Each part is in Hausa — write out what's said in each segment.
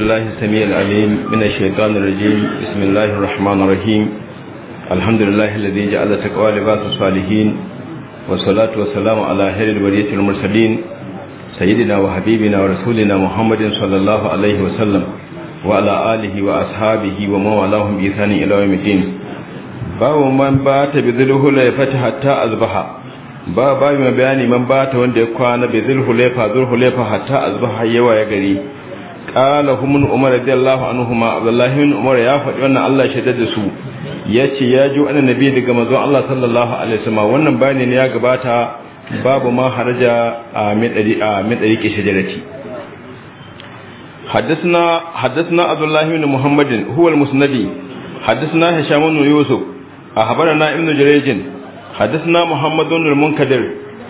الله السميع العليم من الشيطان الرجيم بسم الله الرحمن الرحيم الحمد لله الذي جعل تقوى لباس الصالحين والصلاة والسلام على خير البرية المرسلين سيدنا وحبيبنا ورسولنا محمد صلى الله عليه وسلم وعلى آله وأصحابه ومن والاهم بإحسان إلى يوم الدين باب من بات بذله ليفة حتى أصبح باب ما بيان من بات وند يكون بذله ليفة ذله ليفة حتى أصبح يوا يغري qala hum umar radiyallahu abdullahi bin umar ya faɗi wannan Allah shaida da su yace ya ji wannan nabi daga manzon Allah sallallahu alaihi wasallam wannan bani ne ya gabata babu ma haraja a min dari a min dari ke shajarati حدثنا حدثنا عبد الله بن محمد هو المسندي حدثنا هشام بن يوسف أخبرنا ابن جريج حدثنا محمد بن المنكدر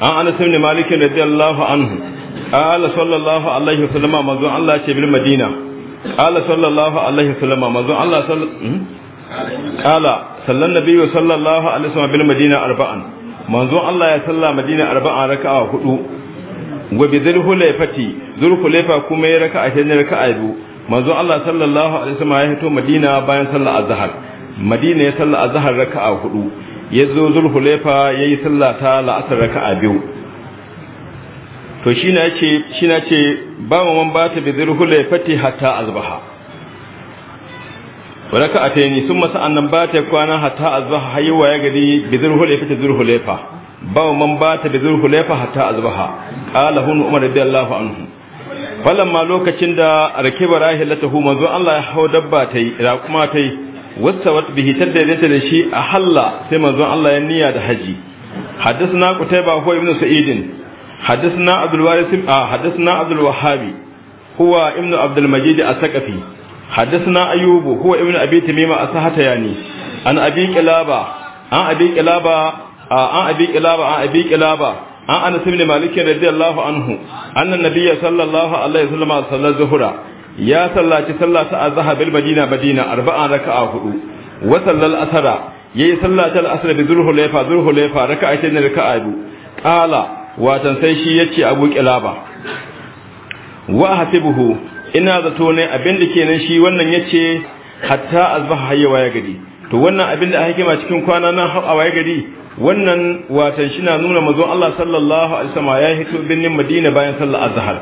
عن أنس بن مالك رضي الله عنه ala sallallahu alaihi wasallama manzon Allah ce bil madina ala sallallahu alaihi wasallama manzon Allah hmm? ala sallan nabiyyu sallallahu alaihi wasallama bil madina arba'an manzon Allah ya salla madina arba'an raka'a hudu wa bi dhul hulayfati dhul hulayfa kuma ya raka'a ta ne raka'a biyu manzon Allah sallallahu alaihi wasallama ya hito madina bayan sallar azhar madina ya salla azhar raka'a hudu yazo dhul hulayfa yayi sallata la'asar raka'a biyu to shi na ce shi ba mu man bata bi zirhulai fati hatta azbaha baraka a tayi sun masa annan bata kwana hatta azbaha hayuwa ya gadi bi zirhulai fati zirhulai fa ba mu man bata bi zirhulai fa hatta azbaha qala hun umar radiyallahu anhu ma lokacin da lata hu manzo Allah ya hau dabba tai kuma tai wasawat bihi taddaita da shi a halla sai manzo Allah ya niyya da haji حدثنا ba هو ابن sa'idin حدثنا عبد الوارث آه حدثنا عبد الوهاب هو ابن عبد المجيد الثقفي حدثنا أيوب هو ابن أبي تميم أصحته يعني عن أبي قلابة عن أبي قلابة عن أبي قلابة عن أبي قلابة عن أنس بن مالك رضي الله عنه أن النبي صلى الله عليه وسلم صلى الظهر يا صلى صلى الظهر بالمدينة مدينة أربع ركعة هدو وصلى الأثر يي صلى الأثر بذره ليفا ذره ليفا ركعتين ركعة قال watan sai shi yace abu kilaba wa hasibuhu ina zato ne abin da kenan shi wannan yace hatta azbaha hayya ya gadi to wannan abin da hikima cikin kwana nan a waye gadi wannan watan shi na nuna mazon Allah sallallahu alaihi wasallam ya hito binnin Madina bayan sallar azhar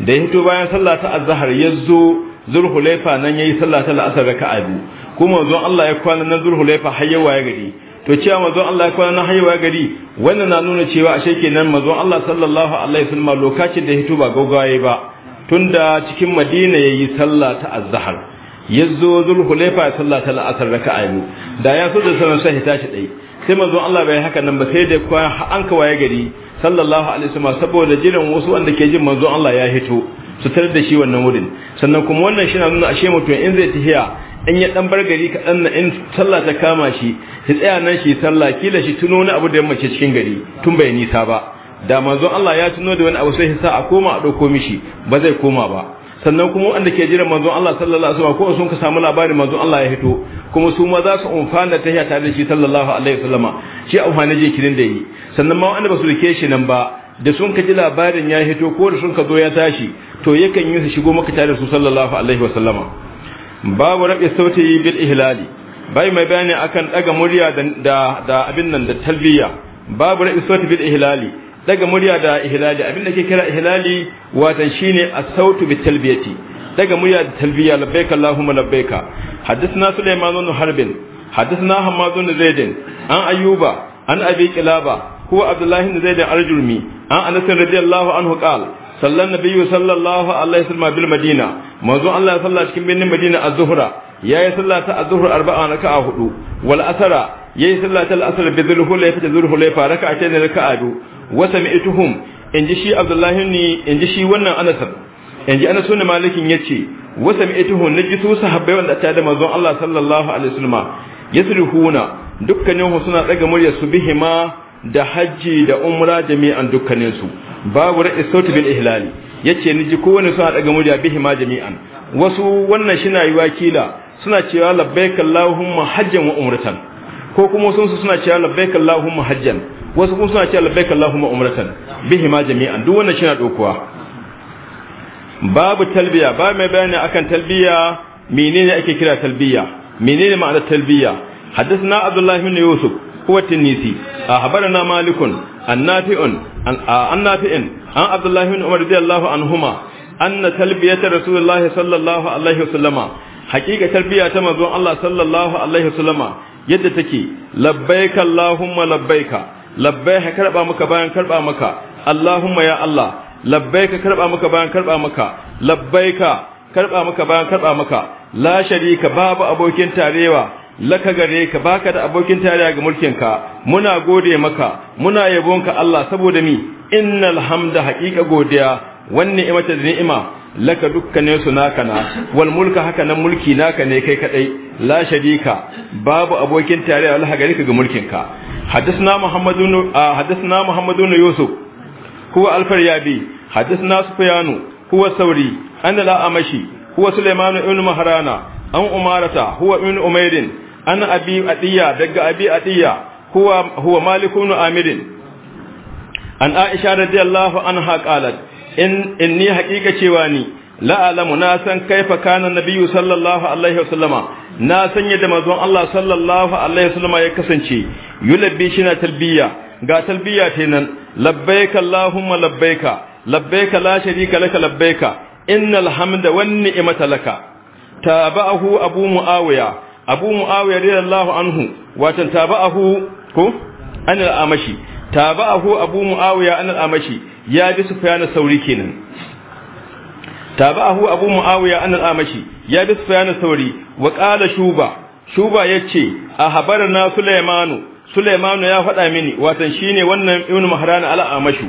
da ya hito bayan sallar ta azhar yazo zo Zulhulaifa nan yayi sallar ta al'asar raka'a biyu kuma mazon Allah ya kwana nan Zulhulaifa har ya gadi. to cewa mazon Allah ya kwana na haihuwa gari wannan na nuna cewa ashe kenan mazon Allah sallallahu alaihi wasallam lokacin da hito ba gaugaye ba tunda cikin Madina yayi sallah ta azhar yazo hulaifa ya sallah ta la'asar raka'a biyu da ya so da sanan sai hita shi dai sai mazon Allah bai haka nan ba sai da kwa an ya gari sallallahu alaihi wasallam saboda jiran wasu wanda ke jin mazon Allah ya hito su tare da shi wannan wurin sannan kuma wannan shi na nuna ashe mutum in zai tihiya in ya dan bar gari kaɗan na in sallah ta kama shi shi tsaya nan shi sallah kila shi tuno wani abu da ya mace cikin gari tun bai nisa ba da manzon Allah ya tuno da wani abu sai sa a koma a ɗauko mishi ba zai koma ba sannan kuma wanda ke jiran manzon Allah sallallahu alaihi wasallam ko sun ka samu labarin manzon Allah ya hito kuma su ma za su umfana ta hiya tare da shi sallallahu alaihi wasallama shi umfana je kirin da yi sannan ma wanda ba su rike shi nan ba da sun ka ji labarin ya hito ko da sun ka zo ya tashi to yakan yi su shigo maka tare da su sallallahu alaihi wasallama babu rabi sauti bil ihlali bai mai bayani akan daga murya da da abin nan da talbiya babu rabi sauti bil ihlali daga murya da ihlali abin da ke kira ihlali watan shine as-sautu bit talbiyati daga murya da talbiya labbaik allahumma Suleiman hadathna sulaiman ibn harbin hadathna hamad ibn zaid an ayyuba an abi kilaba ko abdullahi ibn zaid al-jurmi an anas radiyallahu anhu qala sallan nabiyyu sallallahu alaihi wasallam bil madina manzo Allah ya salla cikin birnin madina az-zuhra yayi salla ta az-zuhr arba'a raka'a hudu wal asara yayi salla ta al-asr bi dhulhulayfa dhulhulayfa raka'a ta raka'a du wa sami'tuhum inji shi abdullahi ne inji shi wannan anas inji anas ne malikin yace wa sami'tuhum naji su sahabbai wanda ta da manzo Allah sallallahu alaihi wasallam yasrihuna dukkanin suna daga murya su bihima da hajji da umra jami'an dukkanin su babu ra'i sautu bil ihlali yace ni ji sun suna daga murya bihi ma jami'an wasu wannan shina yi wakila suna cewa labbaik allahumma hajjan wa umratan ko kuma sun su suna cewa labbaik allahumma hajjan wasu kuma suna cewa labbaik allahumma umratan bihi ma jami'an duk wannan shina dokuwa babu talbiya ba mai bayani akan talbiya menene ake kira talbiya menene ma'anar talbiya حدثنا عبد الله بن يوسف والتنيسي أخبرنا مالك النافع النافع عن عبد الله بن عمر رضي الله عنهما أن تلبية رسول الله صلى الله عليه وسلم الله صلى الله عليه وسلم yadda take labbaika allahumma labbaika labbaika karba maka bayan karba maka allahumma ya allah labbaika karba maka bayan karba maka labbaika karba maka bayan karba maka la sharika babu abokin tarewa laka gare ka baka da abokin tarayya ga mulkinka muna gode maka muna yabonka Allah saboda mi innal hamda haqiqa godiya wannan ni'imata da ni'ima laka dukkanin su naka na wal mulka haka nan mulki naka ne kai kadai la sharika babu abokin tarayya Allah gare ka ga mulkinka حدثنا محمد بن hadisna محمد بن يوسف هو الفريابي حدثنا سفيان هو الثوري amashi huwa sulaiman ibn maharana an umarata huwa ibn umairin an abi atiya daga abi atiya huwa huwa malik ibn amirin an aisha radiyallahu anha qalat in inni haqiqa cewa ni la alamu na san kaifa kana nabiyyu sallallahu alaihi wasallama na san yadda manzon Allah sallallahu alaihi wasallama ya kasance yulabbi na talbiya ga talbiya ce nan labbaika allahumma labbaika labbaika la sharika laka labbaika innal hamda wan ni'mata laka tabahu abu muawiya abu muawiya radiyallahu anhu watan tabahu ko anil amashi tabahu abu muawiya anil amashi ya bi sufyan sauri kenan tabahu abu muawiya anil amashi ya bi sufyan sauri wa qala shuba shuba yace ahbarna sulaimanu sulaimanu ya faɗa mini watan shine wannan ibnu mahran al-amashu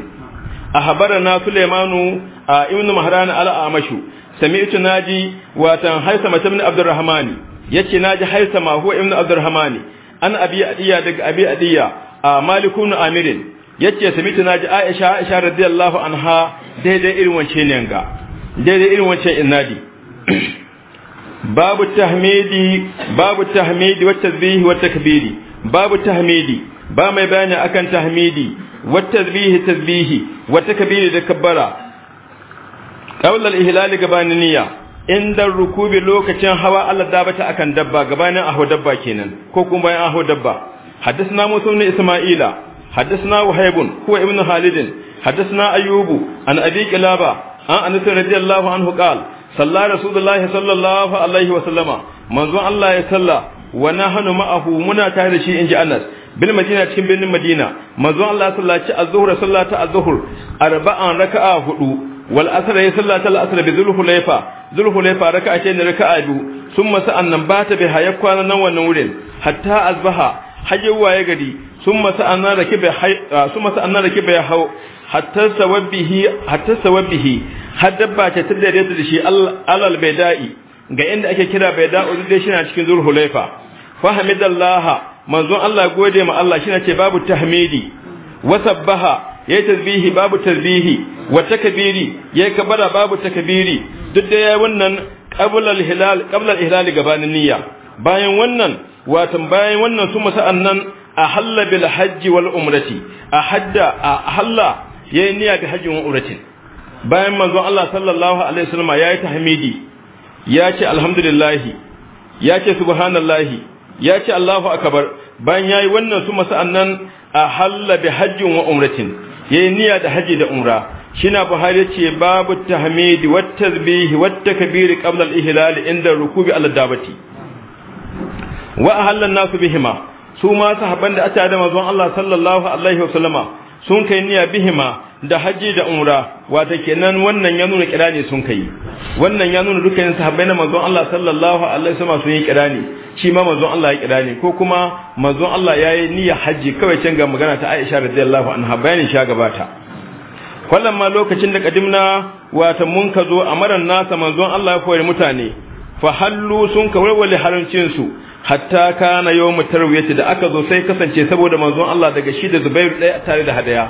ahbarna sulaimanu ibnu mahran al-amashu sami'tu naji watan haisama ibn abdurrahman yace naji haisama huwa ibn abdurrahman an abi adiya daga abi adiya a malikun amirin yace sami'tu naji aisha aisha radiyallahu anha daidai irin wance ne ga daidai irin wance innadi babu tahmidi babu tahmidi wa tazbihi wa takbiri babu tahmidi ba mai bayani akan tahmidi wa tazbihi tazbihi wa takbiri da kabbara qawlal ihlal gabanin niyya inda rukubi lokacin hawa Allah dabata akan dabba gabanin aho dabba kenan ko kuma bayan aho dabba haddathna musa ibn isma'ila haddathna wahaybun huwa ibn khalid haddathna ayyubu an abi qilaba an anas radiyallahu anhu qala salla rasulullahi sallallahu alaihi wa sallama manzo Allah ya salla wa nahnu ma'ahu muna tare da shi inji anas bil madina cikin birnin madina manzo Allah sallaci az-zuhr sallata az-zuhr arba'an raka'a hudu wal asr ya sallata al asr bi zulhu layfa zulhu layfa raka'a ce ne raka'a biyu summa sa'annan bata bi hayya kwana nan wannan wurin hatta azbaha hayyawa ya gadi summa sa'annan bi summa ah, sa'annan raki bi hau hatta sawabihi hatta sawabihi har dabba ce ta dare ta da shi al bayda'i ga inda ake kira bayda'u dai shi na cikin zulhulayfa fa hamidallaha manzon Allah gode ma Allah shi na ce babu tahmidi wasabbaha yayi tarbihi babu tasbihi wa ya yi kabara babu takabiri duk da ya yi wannan qabla al-hilal gabanin niyya bayan wannan watan bayan wannan su masa'an nan a halla bil hajji wal umrati a hadda a halla ya yi niyya ga hajji wal umrati bayan manzo Allah sallallahu alaihi wasallam yayi tahmidi ya ce alhamdulillah ya ce subhanallahi ya ce Allahu akbar bayan ya yi wannan su masa'an nan a halla bi hajjin wa umratin yayi niyya da haji da umra shina buhari yace babu tahmidi wat tasbih wat takbir qabla al ihlal inda rukubi al dabati wa ahalla an-nas bihima su ma sahaban da ata da manzon Allah sallallahu alaihi wasallama sun kai niyya bihima da hajji da umra wata kenan wannan ya nuna kira ne sun kai wannan ya nuna dukkanin sahabbai na manzon Allah sallallahu alaihi wasallam sun yi kira ne shi ma manzon Allah ya kira ne ko kuma manzon Allah ya yi niyya hajji kawai can ga magana ta Aisha radiyallahu anha bayanin sha gabata wallan ma lokacin da kadimna wata mun ka zo amaran nasa manzon Allah ya koyar mutane fa hallu sun kawarwale harancin su hatta kana yawmu tarwiyati da aka zo sai kasance saboda manzon Allah daga shi da Zubair ɗaya tare da hadaya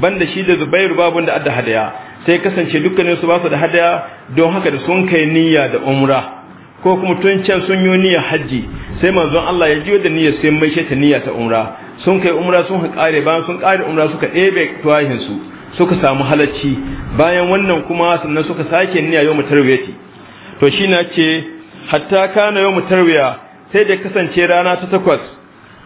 banda shi da Zubair babu da adda hadaya sai kasance dukkanin su ba da hadaya don haka da sun kai niyya da umra ko kuma tun can sun yi niyyar hajji sai manzon Allah ya jiyo da niyya sai mai ta niyya ta umra sun kai umra sun ka kare bayan sun kare umra suka ɗebe tuwahin su suka samu halacci bayan wannan kuma sannan suka sake niyya yau mutarwiyati to shi na ce hatta kana yau mutarwiya sai da kasance rana ta takwas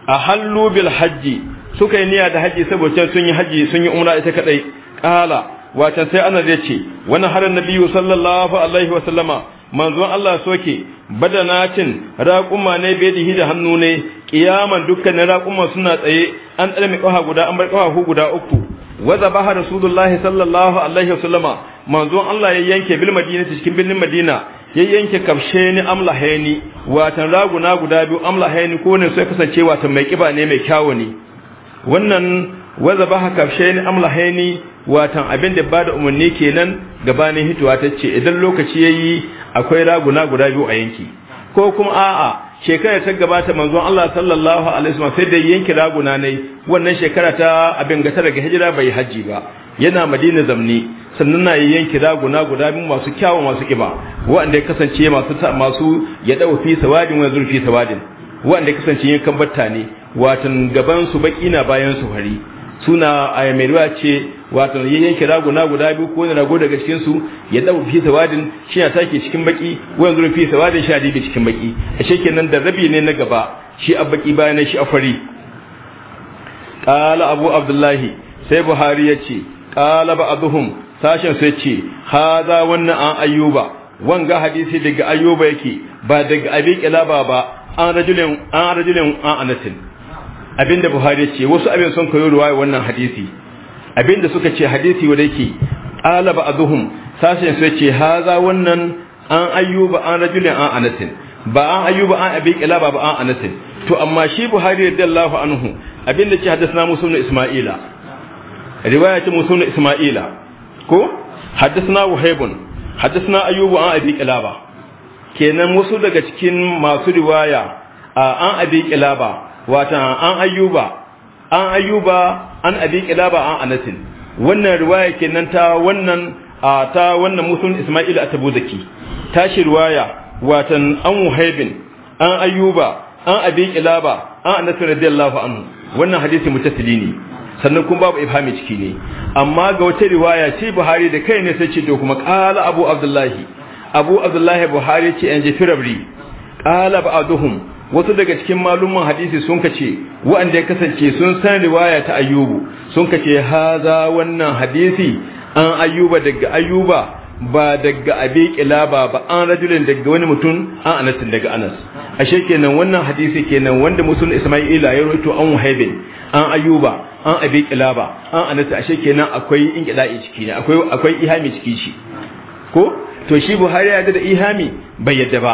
a hallu bil hajji suka yi niyya da hajji saboda sun yi hajji sun yi umra ita kadai kala wacan sai ana zai ce wani harin nabiyu sallallahu alaihi wa sallama manzon Allah soke badanacin raƙuma ne bai da hannu ne kiyaman dukkanin raƙuma suna tsaye an tsare mai ƙafa guda an bar ƙafa guda uku waza baha rasulullahi sallallahu alaihi wa sallama manzon Allah ya yanke bil madina cikin birnin madina ya yanke kamshe ni amla haini watan raguna guda biyu amla haini ko ne sai kasance watan mai kiba ne mai kyawu ne wannan waza ba haka ni amla haini watan abin da ba da umarni kenan gabanin hituwa ta ce idan lokaci yayi akwai raguna guda biyu a yanki ko kuma a'a shekara ta gabata manzon Allah sallallahu alaihi wasallam sai da yanke raguna ne wannan shekara ta abin ga ta daga hijira bai haji ba yana Madina zamni sannan na yanki raguna guda biyu masu kyawun masu ƙiba, waɗanda ya kasance masu masu ya ɗau fi sawadin wani zurfi sawadin waɗanda ya kasance yankan batta ne watan gaban su baki na bayan su hari suna a yameruwa ce watan yin yanke raguna guda biyu ko rago daga cikin su ya ɗau fi sawadin shi ya take cikin baki wani zurfi sawadin shi hadibi cikin baki a nan da rabi ne na gaba shi a baki bayan shi a fari qala abu abdullahi sai buhari yace qala ba'dhum sashen sai ce haza wannan an ayyuba wanga hadisi daga ayyuba yake ba daga abi kilaba ba an rajulin an rajulin an anatin abinda buhari ce wasu abin sun kai ruwaya wannan hadisi abinda suka ce hadisi wanda yake qala ba'dhum sashen sai ce haza wannan an ayyuba an rajulin an anatin ba an ayyuba an abi kilaba ba an anatin to amma shi buhari radiyallahu anhu abinda ce na musulmi isma'ila riwaya musulmi isma'ila ko haddathna wahibun haddathna ayyubu an abi kilaba kenan wasu daga cikin masu riwaya an abi kilaba watan an ayyuba an ayyuba an abi kilaba an anasin wannan riwaya kenan ta wannan ta wannan musulun isma'il atabuzaki tashi riwaya watan an wahibin an ayyuba an abi kilaba an anas radiyallahu anhu wannan hadisi mutasili ne sannan kuma babu ifhami ciki ne amma ga wata riwaya ce buhari da kai ne sai ce to kuma qala abu abdullahi abu abdullahi buhari ce an jefi rabri qala ba'duhum wasu daga cikin malumman hadisi sun kace wanda ya kasance sun san riwaya ta ayyubu sun kace haza wannan hadisi an ayyuba daga ayyuba ba daga abi kilaba ba an rajulin daga wani mutum an anas daga anas ashe kenan wannan hadisi kenan wanda musul isma'ila ya rawaito an wahibin an ayyuba an abi kilaba an anata ashe kenan akwai inqida'i ciki ne akwai akwai ihami ciki shi ko to shi buhari ya da ihami bai yadda ba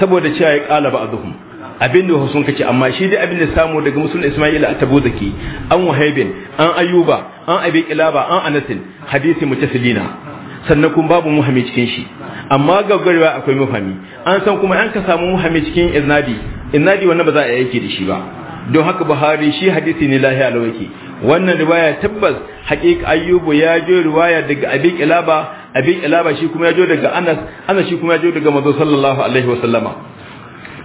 saboda cewa ya kala ba azhum abin da sun kace amma shi dai abin da samu daga musul isma'ila at-tabuzaki an wahaibin an ayuba an abi kilaba an anatin hadisi mutasilina sannan kuma babu muhammi cikin shi amma gaggarwa akwai muhammi an san kuma an ka samu muhammi cikin iznadi iznadi wannan ba za a yake da shi ba don haka buhari shi hadisi ne lahi lawaki wannan riwaya tabbas haƙiƙa ayyubu ya jo riwaya daga abin ilaba abin ilaba shi kuma ya jo daga anas anas shi kuma ya jo daga mazo sallallahu alaihi wasallama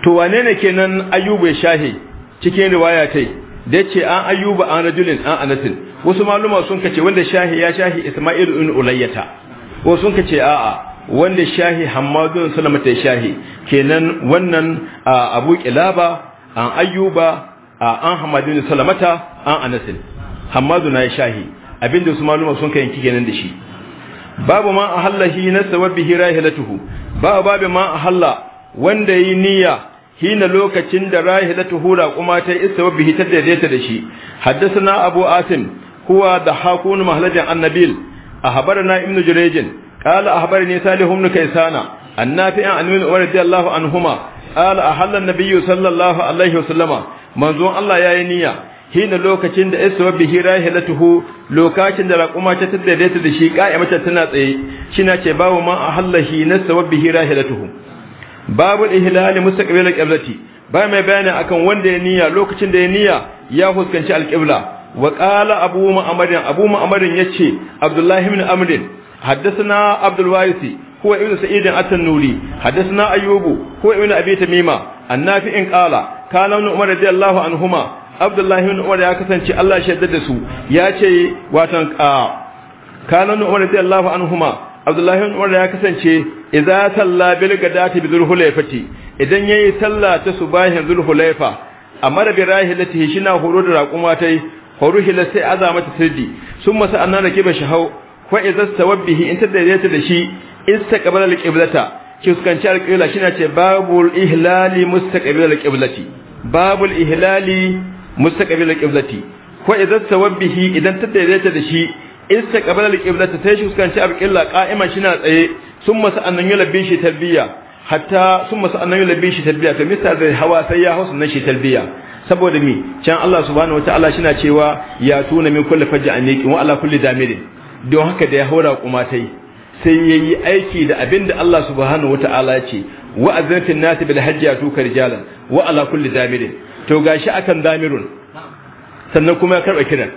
to wane ne kenan ayyubu ya shahi cikin riwaya tai da yace an ayyubu an rajulin an anatin. wasu maluma sun kace wanda shahi ya shahi isma'il ibn ulayyata wasu sun kace a'a wanda shahi hammadun sulamata shahi kenan wannan abu kilaba an ayyuba an hamadu ne salamata an anasin hamadu na shahi abinda su maluma sun kayanki nan da shi babu ma a halla na sababi hira ya ba babu babu ma a halla wanda yi niyya hina lokacin da halatuhu da kuma ta isa wabbi hitar da daidaita da shi haddasa abu asim huwa da hakun mahalajin annabil a habar habarana ibnu jurejin قال أخبرني سالم بن كيسان النافع umar ابن عمر رضي الله Anhuma. قال أحل النبي صلى الله عليه وسلم منظور الله يا نية hina lokacin da ya isra bihi rahilatuhu lokacin da raquma ta daidaita da shi qa'imata tana tsaye shi shina ce babu man ahallahi nasaba bihi rahilatuhu babu ihlal mustaqbil alqiblati ba mai bayani akan wanda ya niyya lokacin da ya niyya ya fuskanci alqibla wa qala abu mu'amarin abu mu'amarin yace abdullahi ibn amr haddathana abdul هو ابن سعيد التنوري حدثنا أيوب هو ابن أبي تميمة النافع قال كان ابن عمر رضي الله عنهما عبد الله بن عمر يا كسانتي الله شدد سو يا ce watan كان ابن عمر رضي الله عنهما عبد الله بن عمر ya kasance idza salla bil gadati bi zulhulaifati idan yayi salla ta subahin zulhulaifa amara bi rahilatihi shina horo da raquma tai horo hila sai azamata sirdi summa sa'anna rakiba shahau fa idza wabbihi in ta daidaita da shi istaqbala alqiblata ki fuskanci alqibla shine ce babul ihlali mustaqbil alqiblati babul ihlali mustaqbil alqiblati ko idan tawabbihi idan ta daidaita da shi istaqbala alqiblata sai shi fuskanci alqibla qa'iman shine tsaye summa sa'annan yulabbi shi talbiya hatta summa sa'annan yulabbi shi talbiya to mista da hawa sai ya hausa nan shi talbiya saboda mi can Allah subhanahu wataala shina cewa ya tuna min kulli fajja'aniqin wa ala kulli damirin don haka da ya haura kumatai sai yayi aiki da abinda Allah subhanahu wataala ce wa azinfin nasi bil hajji tukar rijalan wa ala kulli damirin to gashi akan damirun sannan kuma ya karba kiran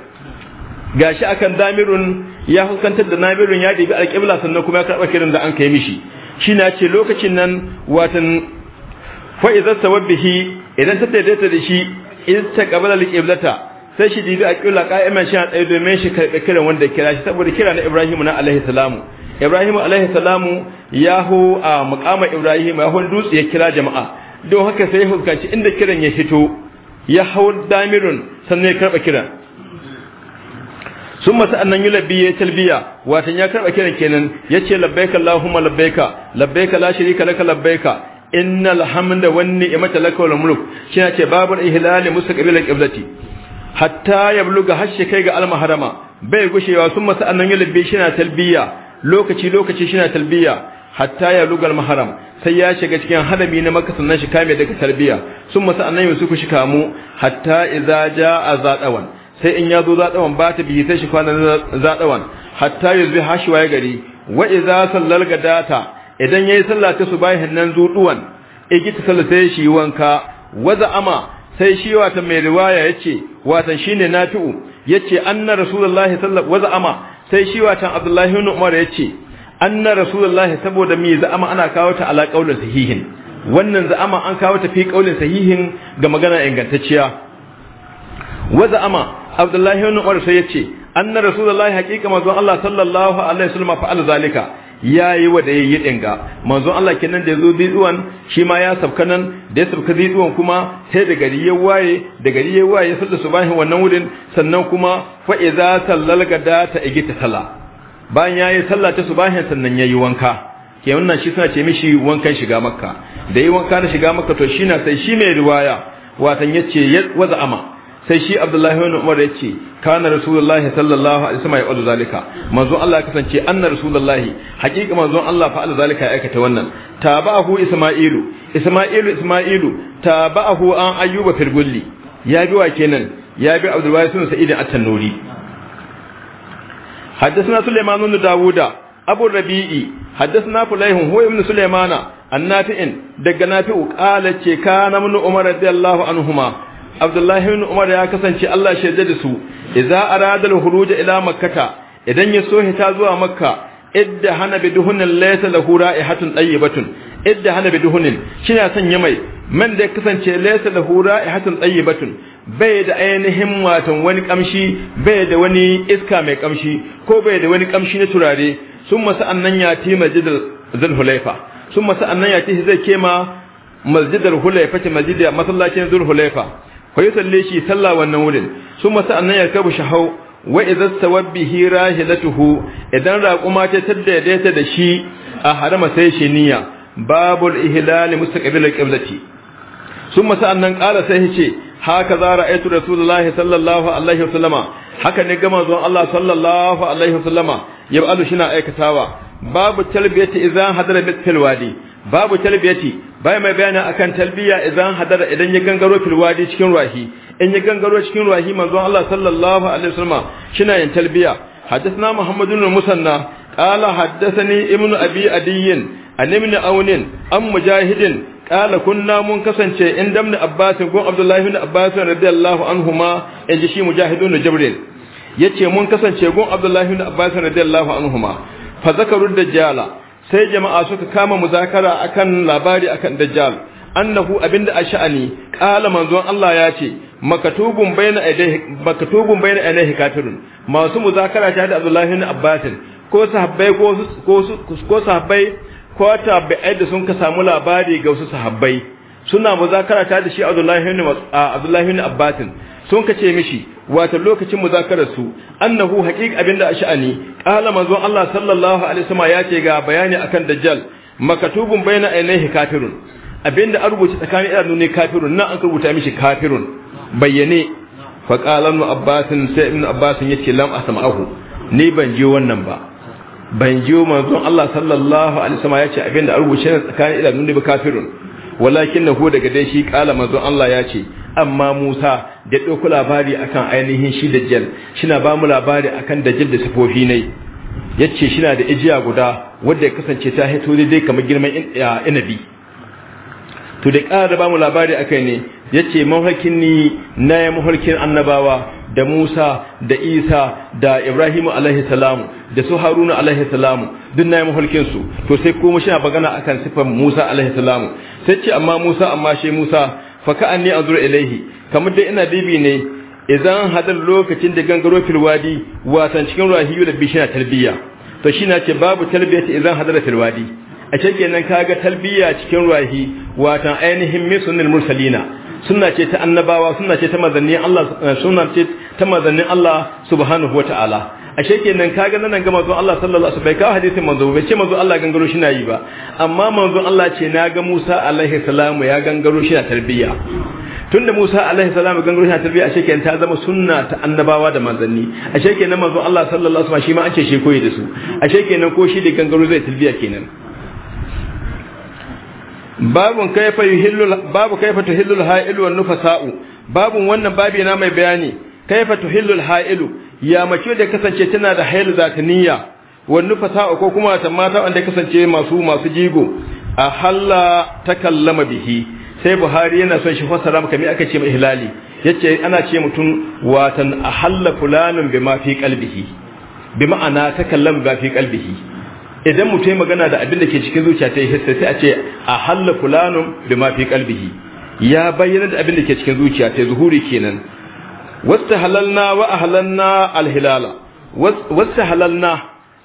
gashi akan damirun ya hukantar da namirun ya dibi alqibla sannan kuma ya karba kiran da an kai mishi shi na ce lokacin nan watan fa idza tawabbihi idan ta daidaita da shi in ta qabala alqiblata sai shi dibi alqibla qa'iman shi a tsaye domin shi karba kiran wanda kira shi saboda kira na Ibrahim na alaihi salamu ibrahim alaihi salamu ya yahu a mukamar ibrahim yahu dutse ya kira jama'a don haka sai ya fuskanci inda kiran ya fito ya hau damirun sannan ya karba kiran sun masu annan yi ya talbiya watan ya karba kiran kenan ya ce labbaika allahumma labbaika labbaika la sharika laka labbaika innal hamda wan ni'mata laka wal mulk shine ce babul ihlali mustaqbilal qiblati hatta yabluga hashshi kai ga al bai gushewa sun masu annan yi labbi talbiya lokaci lokaci shina talbiya hatta ya lugal maharam sai ya shiga cikin harami na makka sannan shi kame daga talbiya sun masa annabi Yusuf shika kamu hatta idza a zaɗawan, sai in ya zo zadawan ba ta bihi sai shi kwana zadawan hatta yuzbi hashiwa ya gari wa idza sallal gadata idan yayi sallah ta subahin nan zuduwan igita sallah sai shi wanka waza ama sai shi wata mai riwaya yace watan shine nafi'u yace anna rasulullahi sallallahu waza ama sai shi watan abdullahi ibn umar ya ce anna rasulullahi saboda me za'ama ana kawo ta ala qaulin sahihin wannan za'ama an kawo ta fi qaulin sahihin ga magana ingantacciya wa za'ama abdullahi ibn umar sai ya ce anna rasulullahi haqiqa manzon Allah sallallahu alaihi wasallam fa'al zalika ya yi wa da ya yi ɗinga manzon Allah kenan da ya zo ziduwan shi ma ya sabka nan da ya sabka ziduwan kuma sai da gari ya waye da gari ya waye sai da subahin wannan wurin sannan kuma fa iza sallal gada ta igita sallah bayan ya yi sallah ta subahin sannan ya yi wanka ke wannan shi suna ce mishi wankan shiga makka da yi wanka na shiga makka to shi na sai shi mai riwaya watan ya ce ya waza ama sai shi abdullahi wani umar ya ce kana rasulullahi sallallahu alaihi wasallam ya qulu zalika manzon Allah ya kasance anna rasulullahi Hakika, manzon Allah fa zalika ya aikata wannan Ta tabahu isma'ilu isma'ilu isma'ilu ta tabahu an ayyuba firgulli. ya bi wa kenan ya bi abdullahi sun sa'id at-tanuri حدثنا سليمان بن داوود أبو الربيعي حدثنا فليح هو ابن سليمان النافع دغ نافع قال كان من عمر Umar, radiyallahu anhuma. abdullahi ibn umar ya kasance Allah shaida da su idza arada al-khuruj ila makkata idan ya so hita zuwa makka idda hana bi duhunin laysa lahu ra'ihatun tayyibatun idda hana bi duhunin kina sanya mai man da kasance laysa lahu ra'ihatun tayyibatun bai da ainihin watan wani kamshi bai da wani iska mai kamshi ko bai da wani kamshi na turare sun masa annan ya ti masjidal zulhulaifa sun masa annan ya ti zai kema masjidal hulaifa ta masjidal masallacin hulaifa fa shi sallah wannan wurin summa sa'annan kabu shahau wa idza sawabbihi rahilatuhu idan raquma ta taddaita da shi a harama sai shi niyya babul ihlal mustaqbil qiblati summa sa'annan qala sai ce haka za ra'aytu rasulullahi sallallahu alaihi wasallama haka ne ga manzon Allah sallallahu alaihi wasallama yab'alu shina aikatawa babu talbiyati idza hadara bil wadi babu talbiyati bai mai bayani akan talbiya idan hadara idan ya gangaro fil wadi cikin ruhi in ya gangaro cikin ruhi manzon Allah sallallahu alaihi wasallam shina yin talbiya hadathna muhammad ibn musanna qala hadathani ibn abi adiyyin an ibn aunin am mujahidin qala kunna mun kasance inda ibn abbas ko abdullah ibn abbas radiyallahu anhuma in ji shi mujahidun jabril yace mun kasance gon abdullah ibn abbas radiyallahu anhuma fa zakaru dajjala sai jama'a suka kama muzakara akan labari akan dajjal annahu abinda a sha'ani ƙala manzon Allah ya ce makatubun bayna aidai makatubun bayna aidai masu muzakara ta da Abdullahi ibn Abbas ko sahabbai ko ko ko sahabbai ko tabi'ai da sun ka samu labari ga wasu sahabbai suna muzakara ta da shi Abdullahi Abdullahi ibn Abbas sun kace mishi wato lokacin muzakarar su annahu haqiq abinda sha'ani qala manzon Allah sallallahu alaihi wasallam ya ce ga bayani akan dajjal makatubun baina ainihi kafirun abinda an rubuta tsakanin idanu ne kafirun nan an rubuta mishi kafirun bayyane fa qala ibn abbas sai ibn abbas yace lam asma'ahu ni ban ji wannan ba ban ji manzon Allah sallallahu alaihi wasallam yace abinda an rubuta tsakanin idanu ne ba kafirun walakin nahu daga dai shi qala manzon Allah yace amma Musa da ɗauko labari akan ainihin shi dajjal shina ba mu labari akan dajjal da sifofi ne yace shina da ijiya guda wanda ya kasance ta hito daidai kamar girman inabi to da ƙara ba mu labari a kai ne yace mafarkin ni na ya annabawa da Musa da Isa da Ibrahimu alaihi salamu da su Haruna alaihi salamu duk na ya mafarkin su to sai kuma shi magana akan sifan Musa alaihi salamu sai ce amma Musa amma shi Musa fa anni azur ilaihi kamar dai ina dibi ne idan hadar lokacin da gangaro fil wadi cikin rahiyu da bishina talbiya to shi na ce babu talbiyati idan hada fil wadi a ce kenan kaga talbiya cikin rahi watan ainihin misunil mursalina sunna ce ta annabawa sunna ce ta manzanni Allah eh, sunna ce ta manzannin Allah subhanahu wataala ashe kenan kaga nan ga manzo Allah sallallahu alaihi wasallam bai kawo hadisin manzo bai ce manzo Allah gangaro shi na yi ba amma manzo Allah ce na ga Musa alaihi salamu ya gangaro shi na tarbiyya tunda Musa alaihi salamu gangaro shi na tarbiyya ashe kenan ta zama sunna ta annabawa da manzanni ashe kenan manzo Allah sallallahu alaihi wasallam shi ma an ce shi koyi da su ashe kenan ko shi da gangaro zai tarbiyya kenan babun kaifa yuhillu babu kaifa tuhillu al-ha'il wan nufasa'u babun wannan babi na mai bayani kaifa tuhillu alha'ilu ya mace da kasance tana da hailu zataniya wannu fasaha ko kuma ta mata wanda kasance masu masu jigo a halla takallama bihi sai buhari yana son shi fasara maka me aka ce mai ihlali yace ana ce mutun watan a halla fulanun bima fi qalbihi bima ana takallama ba fi qalbihi idan mutum ya magana da abin da ke cikin zuciya ta yi sai a ce a halla fulanun bima fi qalbihi ya bayyana da abin da ke cikin zuciya ta zuhuri kenan wasta halalna wa ahlanna alhilala wasta halalna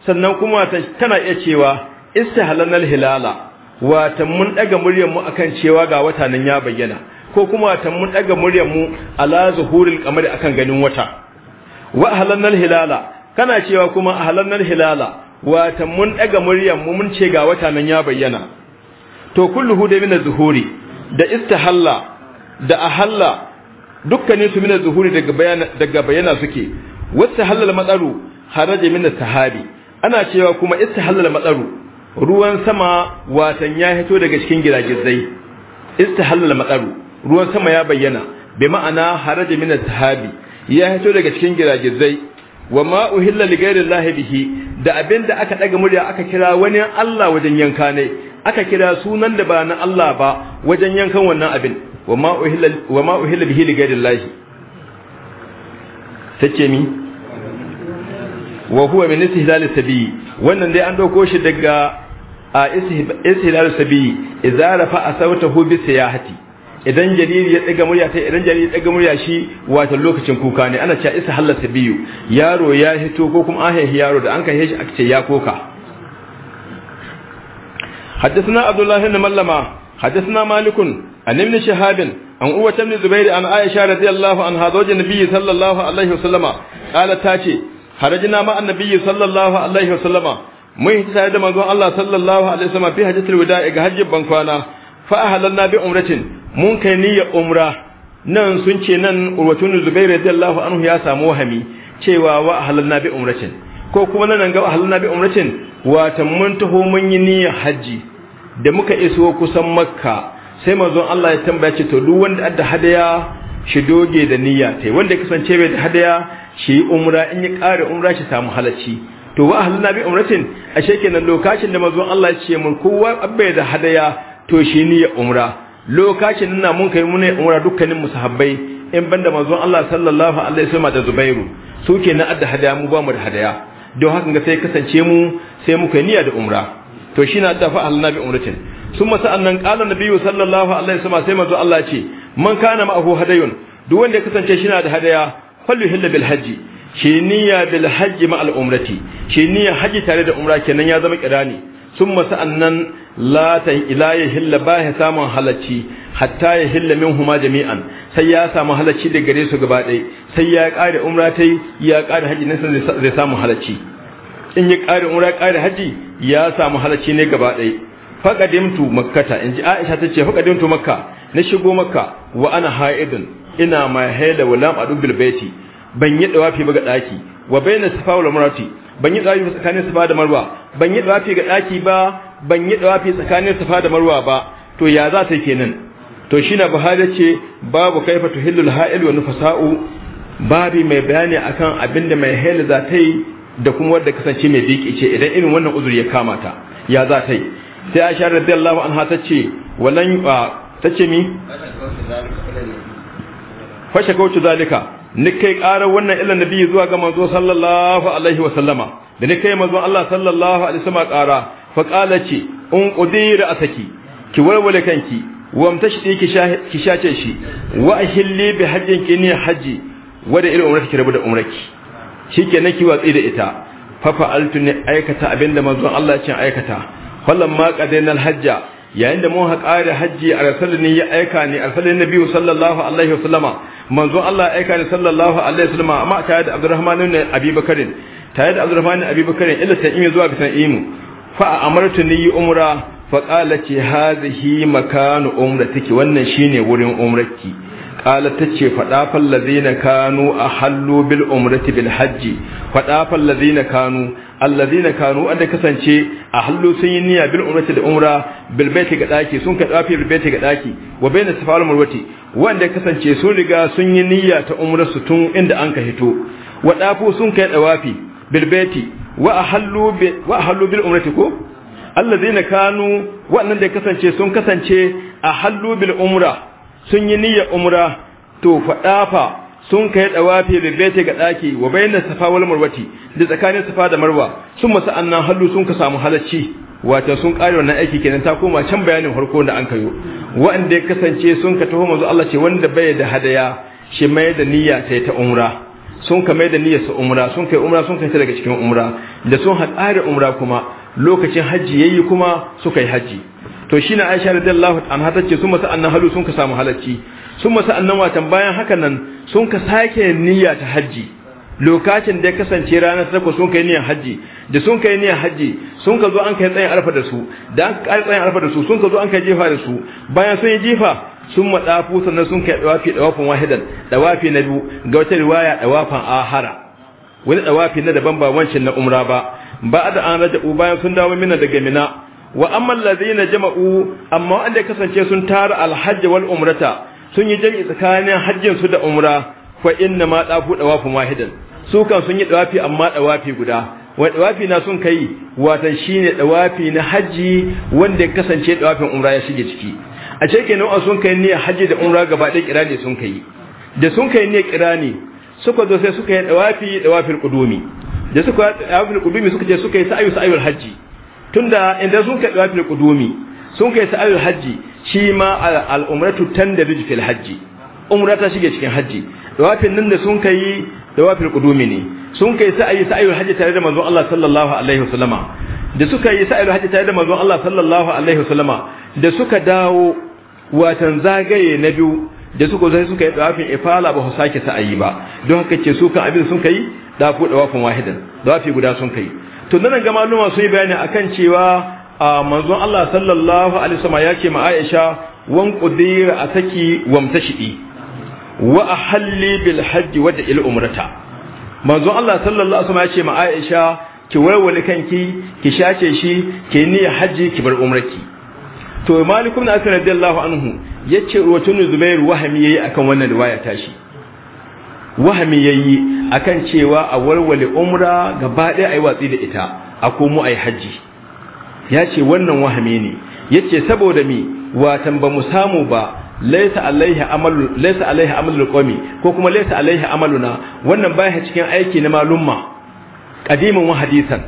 sannan kuma tana iya cewa istahalalna alhilala wata mun daga muryar mu akan cewa ga wata nan ya bayyana ko kuma wata mun daga muryar mu ala zuhuril qamari akan ganin wata wa ahlanna alhilala kana cewa kuma ahlanna alhilala wata mun daga muryar mu mun ce ga wata nan ya bayyana to kulluhu da min zuhuri da istahalla da ahalla dukkanin su min zuhuri daga bayana suke wasu halal matsaru haraje min sahabi ana cewa kuma halal matsaru ruwan sama watan ya hito daga cikin giragizai halal matsaru ruwan sama ya bayyana bi ma'ana haraje min sahabi ya hito daga cikin giragizai wa ma uhilla li ghairi bihi da abinda aka daga murya aka kira wani Allah wajen yanka ne aka kira sunan da ba na Allah ba wajen yankan wannan abin wa ma uhilla bihi li ghairi llahi tace mi wa huwa min istihlal sabi wannan dai an dauko shi daga a istihlal sabi idza rafa sautahu bi siyahati idan jariri ya tsiga murya sai idan jariri ya tsiga murya shi wato lokacin kuka ne ana cewa isa sabi biyu yaro ya hito ko kuma an haihi yaro da an kai shi a ce ya koka حدثنا عبد الله بن ملما حدثنا مالك عن ابن شهاب عن قوة بن زبير عن عائشة رضي الله عنها زوج النبي صلى الله عليه وسلم قالت تاتي خرجنا مع النبي صلى الله عليه وسلم mun tare da manzon الله sallallahu alaihi عليه وسلم في حجة ga hajjin bankwana fa بأمرة bi umratin mun kai umra nan sun ce nan urwatun zubair radiyallahu anhu ya samu wahami cewa wa ahlalna bi umratin ko kuma nan ga ahlalna bi umratin wata mun taho mun yi niyyar haji da muka iso kusan makka sai manzon Allah ya tambaya ce to duk wanda adda hadaya shi doge da niyya tai wanda kasance bai da hadaya shi yi umra in ya kare umra shi samu halacci to wa na bi umratin ashe kenan lokacin da manzon Allah ya ce mun kowa abba da hadaya to shi niyya umra lokacin nan mun kai mun umra dukkanin musahabbai in banda manzon Allah sallallahu alaihi wasallam da Zubairu su kenan adda hadaya mu ba mu da hadaya don haka ga sai kasance mu sai muka niyya da umra to shi na tafa alnabi umratin sun masa annan ƙalar nabi sallallahu alaihi wasallam sai manzo Allah ce man kana ma'ahu hadayun duk wanda ya kasance shi na da hadaya fallu hilla bil haji shi niyya bil haji ma al umrati shi niyya haji tare da umra kenan ya zama kirani sun masa annan la ta ila hilla ba ya samun halacci hatta ya hilla min huma jami'an sai ya samu halacci da gare su gaba ɗaya sai ya kare umra ya kare haji nan zai samu halacci in ya ƙari umra ya ƙari haji ya samu halacci ne gaba ɗaya faƙadimtu makkata in ji aisha ta ce faƙadimtu makka na shigo makka wa ana ha'idun ina mai haila wa lam adu bil baiti ban yi dawafi ba ga daki wa baina safa wal marwati ban yi dawafi tsakanin safa da marwa ban yi dawafi ga daki ba ban yi dawafi tsakanin safa da marwa ba to ya za ta kenan to shi na buhari ce babu kaifa tuhillul ha'il wa nufasa'u babi mai bayani akan abinda mai haila za ta yi da kuma wadda kasance mai biki ce idan irin wannan uzuri ya kama ta ya za ta yi sai aisha radiyallahu anha ta ce walan ta ce mi fashe kauce zalika ni kai ƙara wannan ilan nabi zuwa ga manzo sallallahu alaihi wa sallama da ni kai manzo Allah sallallahu alaihi wa sallama ƙara fa qala ce un qudira asaki ki walwale kanki wamtashi ki shace shi wa ahilli bi hajjin ki ni haji da irin umrah ki rabu da umraki shikenan ki watsi da ita fa fa'altu ne aikata abinda manzon Allah ya ce aikata fallan ma qadainal hajja yayin da mun haƙa da hajji a rasulun ya aika ni arsalin nabi sallallahu alaihi wasallama manzon Allah ya aika ni sallallahu alaihi wasallama amma tare da Abdurrahman ibn Abi Bakr tare da Abdurrahman ibn Abi Bakr illa tan'imi zuwa bi tan'imu fa amartu ni umra fa qala ce hadhihi makanu umratiki wannan shine wurin umrarki قال تتشي فدافا الذين كانوا أحلوا بالأمرة بالحج فدافا الذين كانوا الذين كانوا أدى كسنشي أحلوا سينيا بالأمرة الأمرة بالبيت قداكي سن كتافي بالبيت قداكي وبين السفار مروتي وأدى كسنشي سولغا سنينيا تأمرة ستون عند أنك هتو ودافو سن كتافي بالبيت وأحلوا, ب... وأحلوا بالأمرة كو الذين كانوا وأن كسنشي سن كسنشي أحلوا بالأمرة sun yi niyyar umra to faɗafa sun kai dawafi da bete ga ɗaki wa bayna safa wal marwati da tsakanin safa da marwa sun masa annan hallu sun ka samu halacci wato sun kare wannan aiki kenan ta koma can bayanin harko da an kayo wanda ya kasance sun ka taho manzo Allah ce wanda bai da hadaya shi mai da niyya sai ta umra sun ka mai da niyyar su umra sun kai umra sun kai daga cikin umra da sun haƙare umra kuma lokacin hajji yayi kuma suka yi hajji to shi na Aisha radiyallahu anha tace sun masa annan halu sun ka samu halacci sun masa annan watan bayan haka nan sun ka sake niyya ta haji lokacin da ya kasance ranar takwas sun kai niyyar haji da sun kai niyyar haji sun ka zo an kai tsayin arfa da su da an kai tsayin arfa da su sun ka zo an kai jefa da su bayan sun yi jefa sun matsafu sannan sun kai dawafi dawafin wahidan dawafi na biyu ga wata riwaya dawafin ahara wani dawafi na daban ba wancan na umra ba ba da an raja'u bayan sun dawo mina daga mina wa amma allazina jama'u amma wanda kasance sun tara alhajj wal umrata sun yi jami'i tsakanin hajjin su da umra fa inna ma dafu wafu wahidan su kan sun yi dawafi amma dawafi guda wa dawafi na sun kai watan shine dawafi na haji wanda kasance dawafin umra ya shige ciki a ce kenan a sun kai niyyar haji da umra gaba ɗaya kirani sun kai da sun kai niyyar kirani suka zo sai suka yi dawafi dawafin qudumi da suka dawafin qudumi suka ce suka yi sa'ayu sa'ayul haji tunda inda sun kai dawafil qudumi sun kai sa'ayul hajji shi ma al-umratu tandarij fil hajji umra ta shige cikin hajji dawafin nan da sun kai dawafil qudumi ne sun kai sa'ayi sa'ayul hajji tare da manzon Allah sallallahu alaihi wasallama da suka yi sa'ayul hajji tare da manzon Allah sallallahu alaihi wasallama da suka dawo watan zagaye na biyu da suka zai suka yi dawafin ifala ba su sake sa'ayi ba don haka ce su kan abin sun kai dafu dawafin wahidan dawafi guda sun kai to nan ga maluma sun yi bayani akan cewa a manzon Allah sallallahu alaihi wasallam ya ce ma Aisha wan qudir ataki wamtashidi wa ahalli bil hajji wa da il umrata manzon Allah sallallahu alaihi wasallam ya ce ma Aisha ki warwale kanki ki shace shi ki ni hajji ki bar umrarki to malikum na asr radiyallahu anhu yace wa tunu zubair wahami yayi akan wannan riwaya tashi wahami yayi akan cewa a walwale umra gaba ɗaya yi watsi da ita a komo ayi haji ya ce wannan wahami ne yace saboda mi watan ba mu samu ba laisa alaihi amalu amalul qawmi ko kuma laisa alaihi amaluna wannan baya cikin aiki na malumma kadiman wa hadisan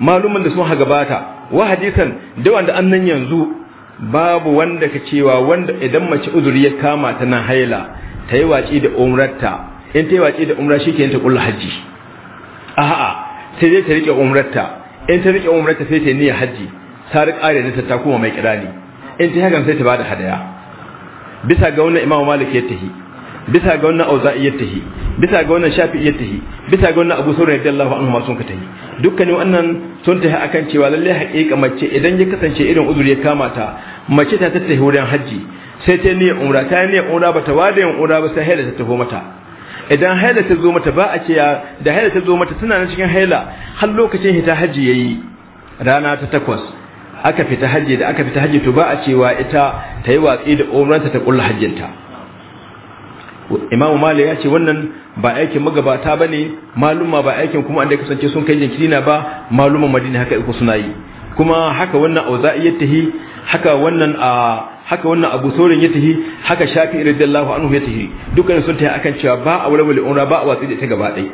malumman da sun ha gabata wa hadisan da wanda annan yanzu babu wanda ka cewa wanda idan mace uzuri ya kama ta na haila ta yi watsi da umrarta in ta yi waci da umra shi ke ta kula hajji a'a sai dai ta rike umrarta in ta rike umrarta sai ta yi niyyar hajji ta riƙa ƙare nisa ta kuma mai kirani in ta hakan sai ta ba da hadaya bisa ga wannan imamu malik ya tahi bisa ga wannan auza'i ya tahi bisa ga wannan shafi ya tahi bisa ga wannan abu saurin radiyallahu anhu ma sun ka tahi dukkanin wannan sun tahi akan cewa lalle haƙiƙa mace idan ya kasance irin uzuri ya kamata mace ta tattahi wurin hajji sai ta niyyar umra ta niyyar umra ba ta wada yin umra ba sai haila ta taho mata idan haila ta zo mata ba a ce da haila ta zo mata tana nan cikin haila har lokacin hita haji yayi rana ta takwas aka fita haji da aka fita haji to ba a cewa ita ta yi watsi da umranta ta kulla hajjinta imamu malik ya ce wannan ba aikin magabata ba ne maluma ba aikin kuma da kasance sun kai jinkiri na ba maluman madina haka iko suna yi kuma haka wannan auza'i tahi haka wannan a ah, haka wannan abu saurin ya tahi haka shafi radiyallahu anhu ya tahi dukkan sun tahi akan cewa ba a walwala umra ba a watsi da ta gaba dai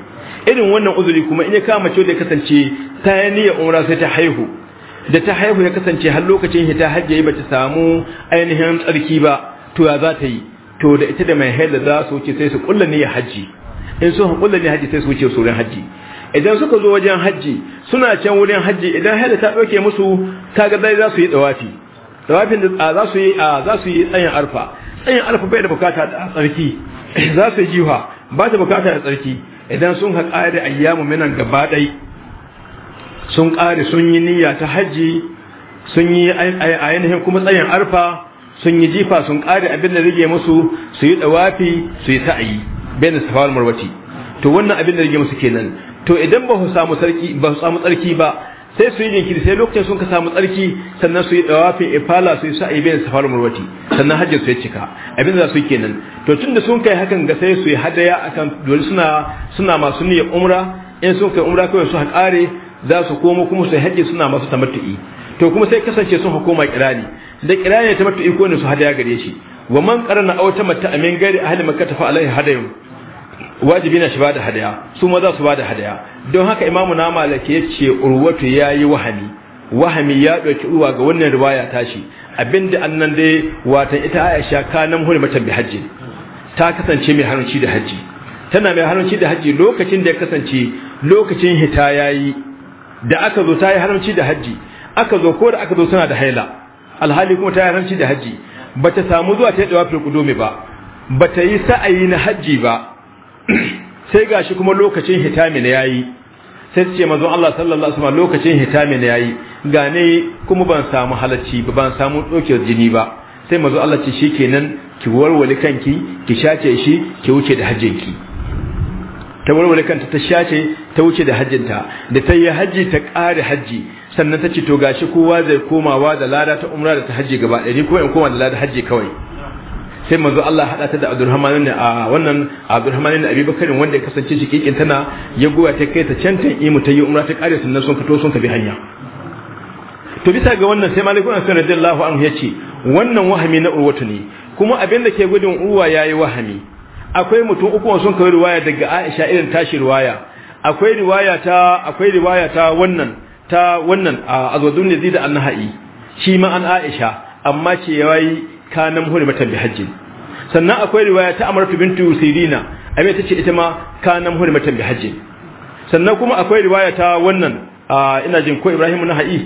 irin wannan uzuri kuma in ya kama ce da kasance ta yi niyya umra sai ta haihu da ta haihu ya kasance har lokacin hita hajji ba ta samu ainihin tsarki ba to ya za ta yi to da ita da mai haila za su wuce sai su kulla niyya hajji in sun kulla niyya hajji sai su wuce sauran hajji idan suka zo wajen hajji suna can wurin hajji idan haila ta ɗauke musu kaga dai za su yi tsawafi tawafin da za su yi za su yi tsayin arfa tsayin arfa bai da bukata da tsarki za su yi jiwa ba ta bukata da tsarki idan sun ha ƙare ayyamu minan gaba ɗai sun ƙare sun yi niyya ta hajji sun yi ainihin kuma tsayin arfa sun yi jifa sun ƙare abin da rige musu su yi ɗawafi su yi ta'ayi, bai da safawar marwaci to wannan abin da rige musu kenan to idan ba su samu tsarki ba sai su yi jinkiri sai lokacin sun ka samu tsarki sannan su yi dawafin ifala su yi yi bayan safarar murwati sannan hajjin su ya cika abin da su kenan to tun da sun kai hakan ga sai su yi hadaya akan dole suna masu niyyar umra in sun kai umra kawai su haƙare za su komo kuma su haƙi suna masu tamattu'i to kuma sai kasance sun hukuma kirani da kirani ta tamattu'i ko ne su hadaya gare shi wa man qarana aw tamatta amin gari ahli makkah fa alaihi hadayun wajibi na shi ba da hadaya su ma za su da hadaya don haka imamu na malaki ya ce urwatu ya yi wahami wahami ya ɗauki uwa ga wannan riwaya tashi abinda annan dai watan ita aisha kanan hulmatan bi hajji ta kasance mai haramci da hajji tana mai haramci da hajji lokacin da ya kasance lokacin hita ya yi. da aka zo ta yi haramci da hajji aka zo ko da aka zo suna da haila alhali kuma ta yi haramci da hajji Ba ta samu zuwa ta yi dawa fil ba Ba ta yi sa'ayi na hajji ba sai gashi kuma lokacin hitami na yayi sai su ce manzon Allah sallallahu alaihi wasallam lokacin hitami na yayi gane kuma ban samu halacci ba ban samu dokewar jini ba sai mazan Allah ce kenan ki warware kanki ki shace shi ki wuce da hajjinki ta warware kanta ta shace ta wuce da hajjinta da ta yi hajji ta ƙare hajji sannan ta ce to gashi kowa zai komawa da lada ta umra da ta hajji gaba ɗari ko in koma da lada hajji kawai sai manzo Allah hada ta da Abdurrahman ne a wannan Abdurrahman ne Abi Bakar wanda ya kasance shi kikin tana ya goya ta kai ta cantan imu ta yi umra ta kare sannan sun fito sun bi hanya to bisa ga wannan sai Malik bin Anas radiyallahu anhu yace wannan wahami na urwatu ne kuma abin da ke gudun uwa yayi wahami akwai mutum uku sun kai riwaya daga Aisha irin tashi riwaya akwai riwaya ta akwai riwaya ta wannan ta wannan azwadun yazid an-nahai shi ma an Aisha amma ce yayi kana muhrimatan da hajji sannan akwai riwaya ta amratu bintu usirina abin ta ce ita ma kana muhrimatan da hajji sannan kuma akwai riwaya ta wannan ina jin ko ibrahim na ha'i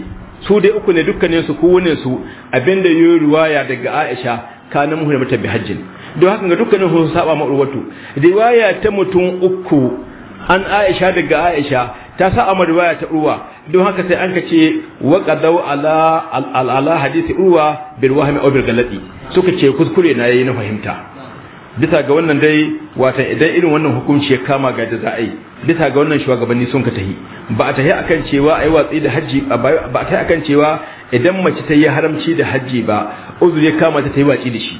su dai uku ne dukkaninsu su su abinda yayi riwaya daga aisha kana muhrimatan da hajji don haka ga dukkanin su saba ma riwaya ta mutum uku an aisha daga aisha ta sa a riwaya ta urwa don haka sai an kace wa qadau ala ala hadisi urwa bil wahmi aw bil galati suka ce kuskure na yayi na fahimta bisa ga wannan dai wata idan irin wannan hukunci ya kama ga da za'ai yi bisa ga wannan shugabanni sun ka tahi ba a tahi akan cewa ai watsi da haji ba a tahi akan cewa idan mace ta yi haramci da haji ba uzuri ya kama ta tayi watsi da shi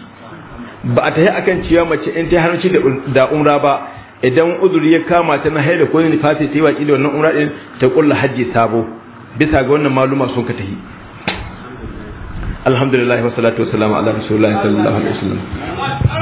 ba a tahi akan cewa mace in ta yi haramci da umra ba idan uzuri ya kama ta na haida ko ne fata ta yi waƙi da wannan umra din ta kulla haji sabo bisa ga wannan maluma sun ka tahi alhamdulillah wa salatu wa salam ala rasulillah sallallahu alaihi wasallam